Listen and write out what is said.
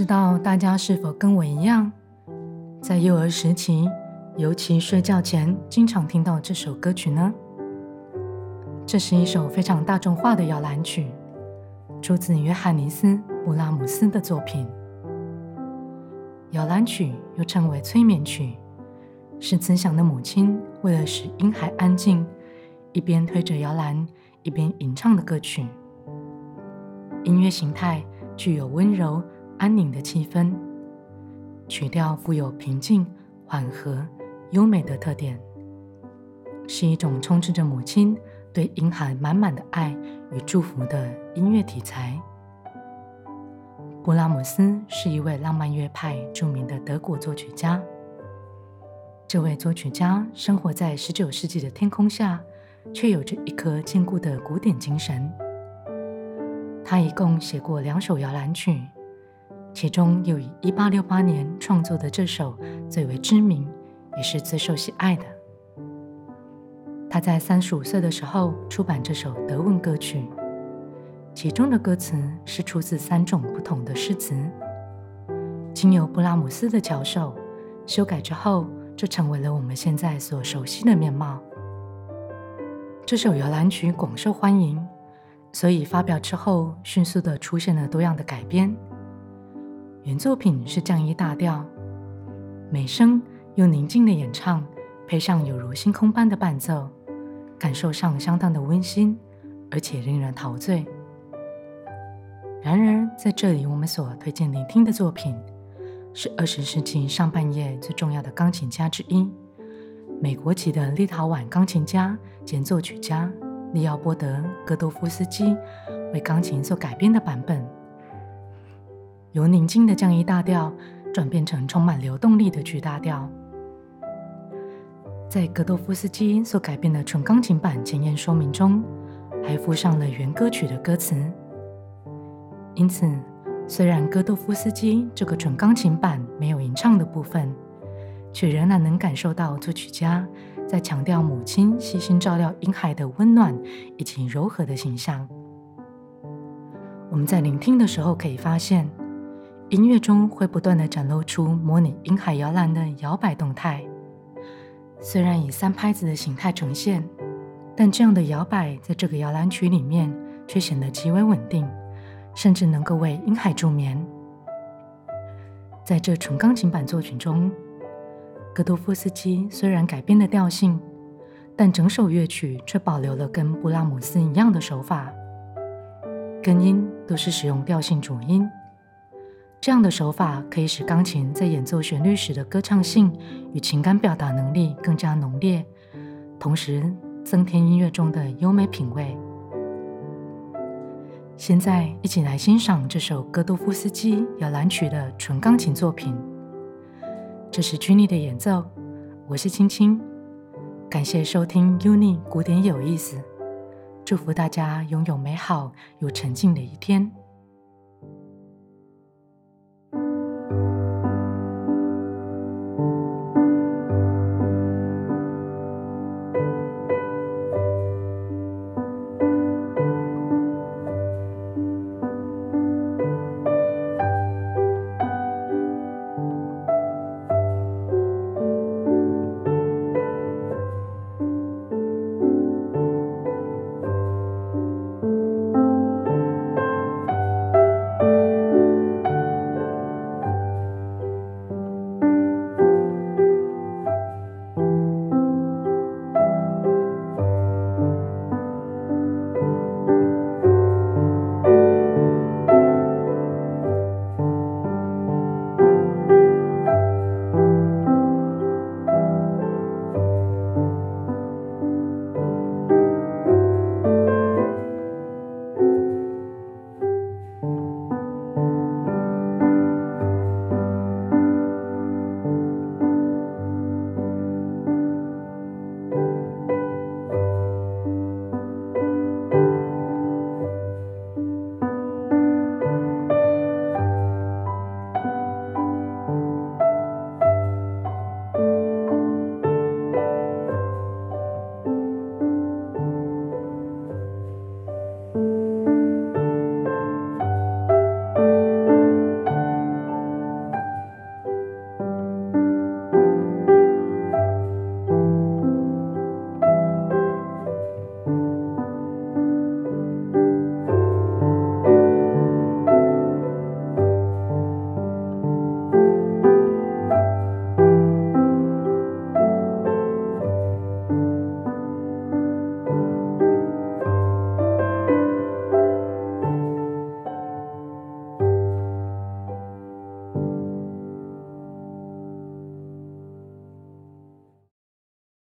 不知道大家是否跟我一樣，在幼兒時期，尤其睡覺前，經常聽到這首歌曲呢？這是一首非常大眾化的搖籃曲，出自約翰尼斯·布拉姆斯的作品。搖籃曲又稱為催眠曲，是慈祥的母親為了使嬰孩安靜，一邊推着搖籃，一邊吟唱的歌曲。音樂形態具有溫柔。安寧的氣氛，曲調富有平靜、緩和、優美的特點，是一種充斥着母親對嬰孩滿滿的愛與祝福的音樂題材。布拉姆斯是一位浪漫樂派著名的德國作曲家。這位作曲家生活在19世紀的天空下，卻有着一顆堅固的古典精神。他一共寫過兩首搖籃曲。其中又以一八六八年創作的這首最為知名，也是最受喜愛的。他在三十五歲的時候出版這首德文歌曲，其中的歌詞是出自三種不同的詩詞，經由布拉姆斯的巧手修改之後，就成為了我們現在所熟悉的面貌。這首搖籃曲廣受歡迎，所以發表之後迅速的出現了多樣的改編。原作品是降 E 大調，美聲又寧靜的演唱，配上有如星空般的伴奏，感受上相當的溫馨，而且令人陶醉。然而，在這裡我們所推薦聆聽的作品，是二十世紀上半葉最重要的鋼琴家之一——美國籍的立陶宛鋼琴家兼作曲家利奧波德·戈多夫斯基為鋼琴做改編的版本。由寧靜的降 E 大調轉變成充滿流動力的 G 大調。在戈多夫斯基所改編的純鋼琴版前言說明，中，還附上了原歌曲的歌詞。因此，雖然戈多夫斯基這個純鋼琴版沒有吟唱的部分，卻仍然能感受到作曲家在強調母親悉心照料嬰孩的溫暖以及柔和的形象。我們在聆聽的時候可以發現。音樂中會不斷地展露出模擬《嬰孩搖籃》的搖擺動態，雖然以三拍子的形態呈現，但這樣的搖擺在這個搖籃曲裡面卻顯得極為穩定，甚至能夠為嬰孩助眠。在這純鋼琴版作品中，戈多夫斯基雖然改編了調性，但整首樂曲卻保留了跟布拉姆斯一樣的手法，根音都是使用調性主音。這樣的手法可以使鋼琴在演奏旋律時的歌唱性與情感表達能力更加濃烈，同時增添音樂中的優美品味。現在一起來欣賞這首戈多夫斯基搖籃曲的純鋼琴作品。這是 Ginny 的演奏，我是青青。感謝收聽 UNI 古典有意思，祝福大家擁有美好又沉靜的一天。